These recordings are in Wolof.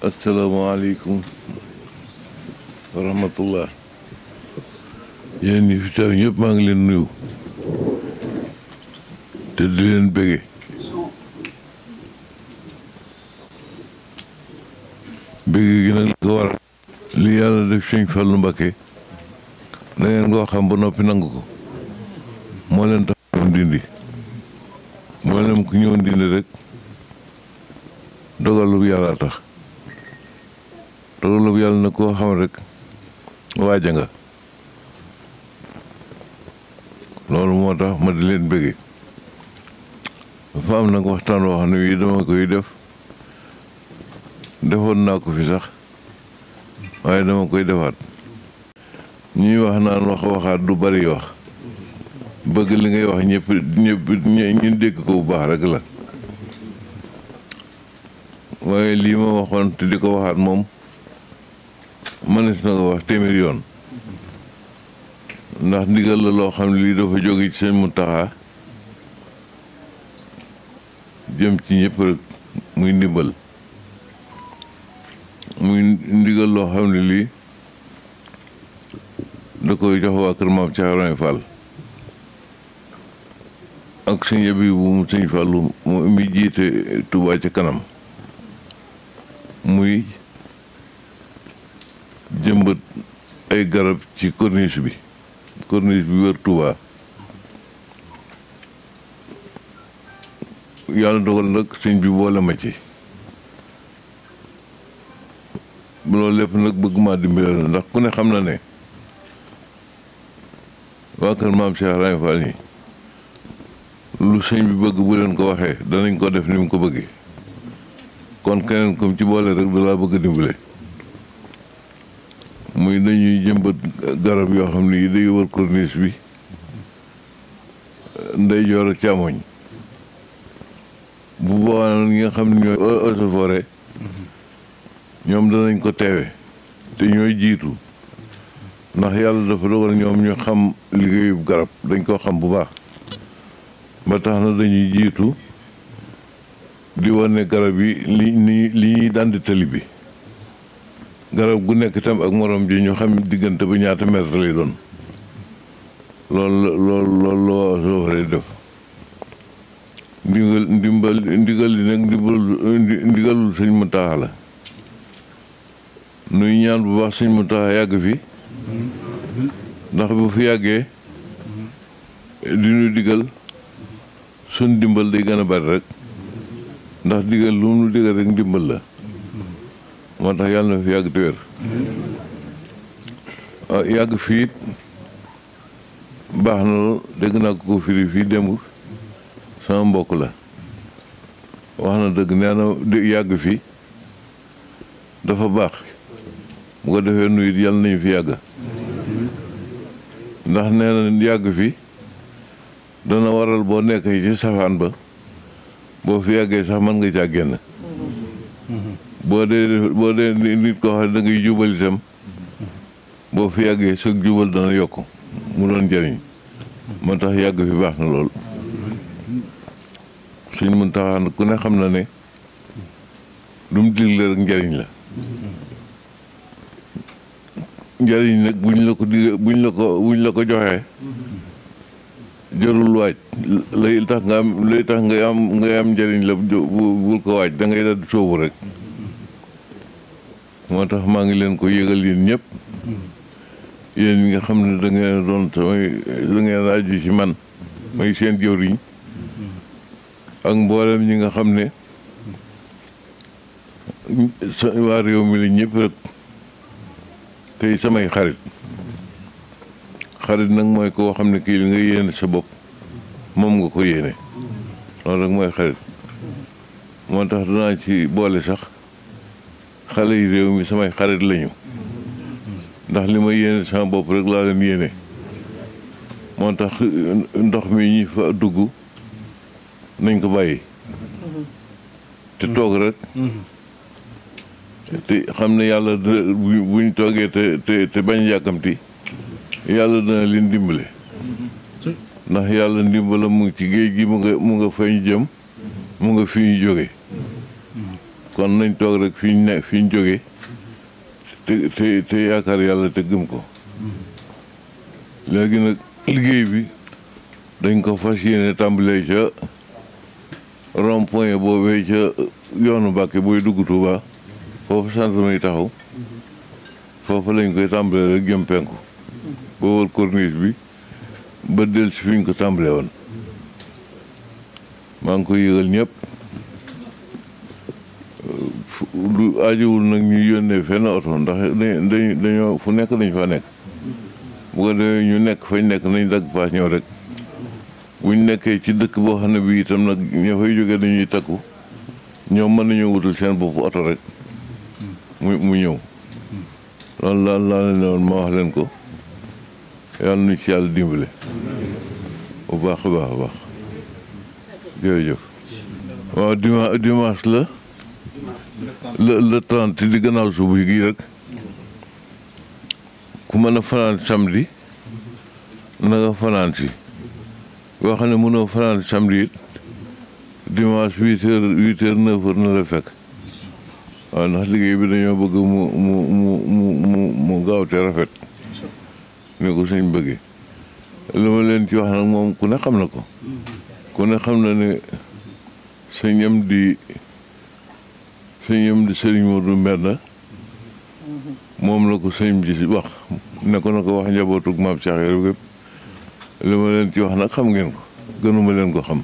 asalaamaaleykum wa rahmatullah yéen ñi fi taw ñëpp maa ngi leen nuyu te di leen bége bége gi nag li ko waral li yàlla def sëñ Fallu Mbakke da ngeen xam ba noppi nangu ko moo leen tax dindi moo leen ku ñëw dindi rek dogalu yàlla tax te loolu yàlla na koo xam rek waaja nga loolu moo tax ma di leen bëgge dafa nag waxtaan wax ne wi dama koy def defoon naa ko fi sax waaye dama koy defaat ñuy wax naan wax waxaat du bari wax bëgg li ngay wax ñëpp ñëpp ñu dégg ko bu baax rek la waaye lii ma waxoon te di ko waxaat moom mënees na ko wax téeméer yoon ndax ndigal la loo xam ne lii dafa jóge ci sëñ Muntaxa jëm ci ñëpp rek muy ndimbal muy ndigal loo xam ne lii da koy jox waa kër maam Cheikh Ibrahima Fall ak sëñ yëb yi bu mu sëñ Fallu mu mi jiite Tuubaa ca kanam muy jëmbët ay garab ci corniche bi corniche bi wër Touba yàlla dogal nag sëñ bi boole ma ci loolu lépp nag bëgg maa dimbale ndax ku ne xam na ne waa kër maam Cheikh Rahim Fall yi lu sëñ bi bëgg bu leen ko waxee danañ ko def ni mu ko bëgge kon keneen comme ci boole rek du laa bëgg dimbale muy dañuy jëmbat garab yoo xam ne yi day wër corniche bi nday joor a càmmoñ bu boobaa ñi nga xam ne ñooy eaux ñoom danañ ko teewe te ñooy jiitu ndax yàlla dafa dogal ñoom ñu xam liggéeyub garab dañ ko xam bu baax ba tax na dañuy jiitu di wane garab yi li li ñuy dànd tali bi garab gu nekk itam ak moroom ji ñu xam diggante bu ñaata mètre lay doon loolu loolu loolu la waa soofaree def ndimbal ndigal li mu taaxa la nuy ñaan bu baax sëñ mu taaxa yàgg fi ndax bu fi yàggee di nu digal sun dimbal day gën a bari rek ndax digal lu mu nu rek ndimbal la moo tax yàlla na fi yàgg téwér ah, yàgg fiit baax na dëgg naa ko firi fii démb sama mbokk la wax na dëgg nee na yàgg fi dafa baax bu ko defee nuyit yàlla nañu fi yàgg ndax nee na yàgg fi dana waral boo nekk ci safaan ba boo fi yàggee sax mën nga caa génn boo dee boo dee nit koo xam ne da ngay boo fi yàggee sa jubal dana yokk mu doon jëriñ moo tax yàgg fi baax na lool suñ mun taxaan ku ne xam na ne dum mu digle rek njariñ la njariñ nag buñ la ko di buñ la ko buñ la ko joxee jarul waaj lay tax nga am lay tax nga am nga am njariñ la bul ko waaj da ngay daal rek moo tax maa ngi leen ko yëgal yéen ñëpp yéen ñi nga xam ne da ngeen doon samay da ci man may seen jëwriñ ak mboolem ñi nga xam ne waa réew mi la ñëpp rek tey samay xarit xarit nag mooy koo xam ne kii li nga yéene sa bopp moom nga ko yéene loolu rek mooy xarit moo tax danaa ci boole sax xale yi réew mi samay xarit lañu ndax li ma yéene sama bopp rek laa leen yéene moo tax euh, ndox mi ñi fa dugg nañ ko bàyyi te toog rek te xam ne yàlla buñ toogee te te te bañ yàkkamti yàlla dana leen dimbale ndax yàlla ndimbala mu ngi ci géej gi mu nga mu nga fa ñu jëm mu nga fi ñu jóge kon nañ toog rek fi ñu ne fi ñu te te te yaakaar yàlla te gëm ko léegi nag liggéey bi dañ ko fas yéene tàmbalee ca rond point boobee ca yoonu Mbàkke booy dugg Tuuba foofu sant may taxaw foofu lañ koy tàmbalee rek jëm penku ba wër bi ba del si fi ko tàmbalee woon maa ngi koy yëgal ñëpp du aajowul nag ñu yónnee fenn oto ndax dañu dañoo fu nekk dañ fa nekk bu ko ñu nekk fañ nekk nañ dagg paas ñëw rek bu ñu nekkee ci dëkk boo xam ne bii itam nag ña fay jógee dañuy takku ñoom mën nañoo wutal seen bopp oto rek mu mu ñëw lool daal laa leen woon ma wax leen ko yàlla nu ci yàlla dimbale bu baax baax a baax jërëjëf waaw la le le trente di gannaaw suba yi rek ku mën a fanaan samedi na nga fanaan si yoo xam ne mënoo fanaan samedi it dimanche huit heures huit heures neuf heures na la fekk waaw ndax liggéey bi dañoo bëgg mu mu mu mu mu gaaw te rafet ni ko suñ bëggee li ma leen ci wax nag moom ku ne xam na ko ku ne xam na ne sa ñam di sëñ am di sëriñ Modou moom la ko sëñ bi wax ne ko na ko wax njabootu maam Cheikh Yoro gépp li ma leen ci wax nag xam ngeen ko gënuma leen ko xam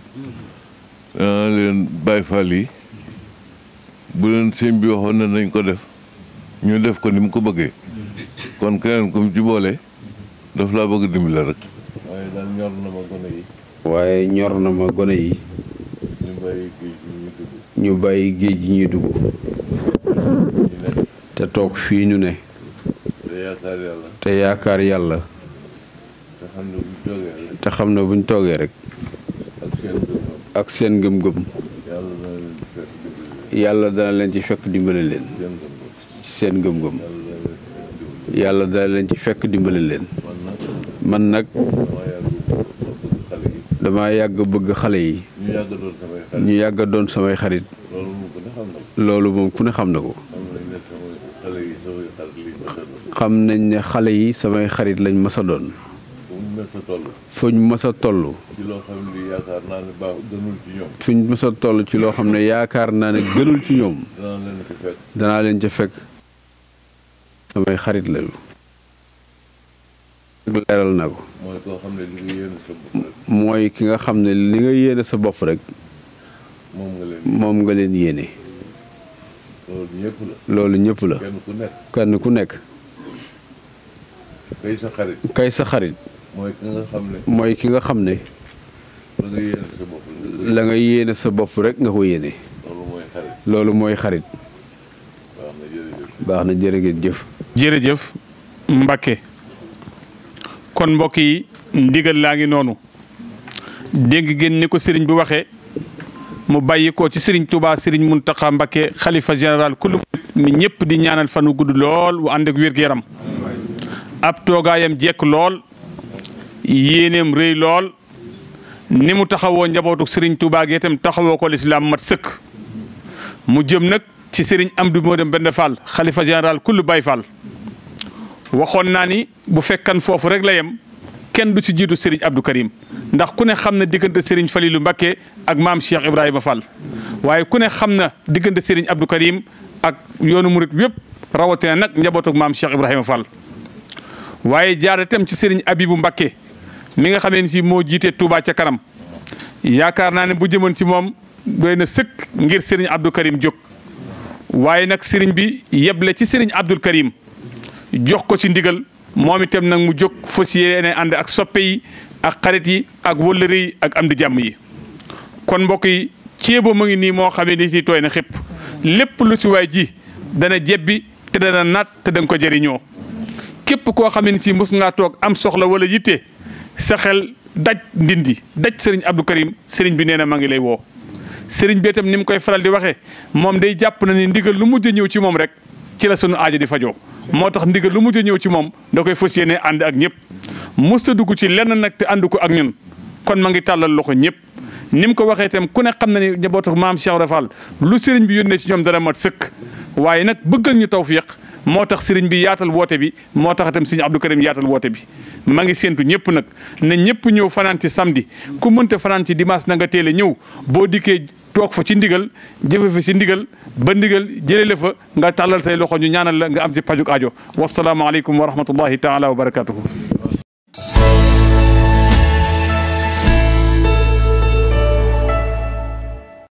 dana leen Baay Faal yi bu leen sëñ bi waxoon ne nañ ko def ñu def ko ni mu ko bëggee kon keneen ku mu ci boole daf laa bëgg dimbale rek waaye ñor na yi ñu bàyyi géej gi ñuy dugg te toog fii ñu ne te yaakaar yàlla te xam na bu ñu toogee rek ak seen gëm-gëm yàlla dana leen ci fekk dimbale leen seen gëm-gëm yàlla dana leen ci fekk dimbali leen man nag dama yàgg bëgg xale yi ñu yàgg doon samay xarit. loolu moom ku ne xam na ko. xam nañ ne xale yi samay xarit lañ mës a doon. fu ñu mës a toll. fu ñu mës a toll ci loo xam ne yaakaar naa ne gënul ci ñoom. danaa leen ca fekk. samay xarit lañu. mooy ki nga xam ne li nga yéene sa bopp rek. moom nga leen yéene. loolu ñëpp la. kenn ku nekk kenn kay sa xarit. kay sa xarit. mooy ki nga xam ne. la nga yéene sa bopp la nga rek nga ko yéene. loolu mooy xarit. baax na jërë ngeen jëf. jërëjëf mbakke kon mbokk yi ndigal laa ngi noonu. dégg génn ni ko sëriñ bu waxee mu bàyyi ko ci sëriñ Touba sëriñ Mountakha Mbacké xalifa général kullu mi ñëpp di ñaanal fan wu gudd lool wu ànd ak yaram ab toogaayam jekk lool yéeneem rëy lool ni mu taxawoo njabootu sëriñ Touba gi itam taxawoo ko lislaam mat sëkk mu jëm nag ci sëriñ Amdu Modem benn Fall xalifa général kullu Baye Fall waxoon naa ni bu fekkan foofu rek la yem kenn du ci jiitu Serigne Abdou Karim ndax ku ne xam na diggante Serigne Falilou Mbacké ak maam Cheikh Ibrahima fal waaye ku ne xam na diggante Serigne Abdou Karim ak yoonu murit yépp rawatina nag njabootu maam Cheikh Ibrahima Fall. waaye jaare tem ci Serigne Abibou Mbacké mi nga xamee ni moo jiitee Touba ca kanam yaakaar naa ne bu jëmoon ci moom doy na sëkk ngir Serigne Abdou Karim waaye nag Serigne bi yeble ci Serigne Abdou Karim jox ko ci ndigal. moom itam nag mu jóg fas yéene ànd ak soppe yi ak xarit yi ak wëllëre yi ak am di jàmm yi kon mbokk yi ceebo mu ngi nii moo xam ne ci tooy na xëpp lépp lu ci waay ji dana jebbi te dana naat te danga ko jëriñoo képp koo xam ne si mos ngaa toog am soxla wala yitte sa xel daj ndindi daj sëriñ Abdou Karim sëriñ bi nee na ma ngi lay woo. sëriñ bi itam ni mu koy faral di waxee moom day jàpp na ni ndigal lu mujj ñëw ci moom rek ci la sunu aajo di fajoo moo tax ndigal lu mujj ñëw ci moom da koy fas yéene ànd ak ñëpp musta dugg ci lenn nag te ànd ko ak ñun kon ma ngi tàllal loxo ñëpp ni mu ko waxee tam ku ne xam na ne njabootu maam Cheikh Rafal lu sëriñ bi yónnee ci ñoom dara mat sëkk waaye nag bëggal ñu taw tawfiq moo tax sëriñ bi yaatal woote bi moo tax itam sëriñ Abdou Karim yaatal woote bi ma ngi séentu ñëpp nag na ñëpp ñëw fanaan ci samedi ku mënta fanaan ci dimanche na nga teel a ñëw boo dikkee toog fa ci ndigal jëfe fa ci ndigal ba ndigal jëlee la fa nga tàllal say loxo ñu ñaanal la nga am ci pajuk aajo wasalaamaaleykum wa rahmatullahi taala wa barakatuhu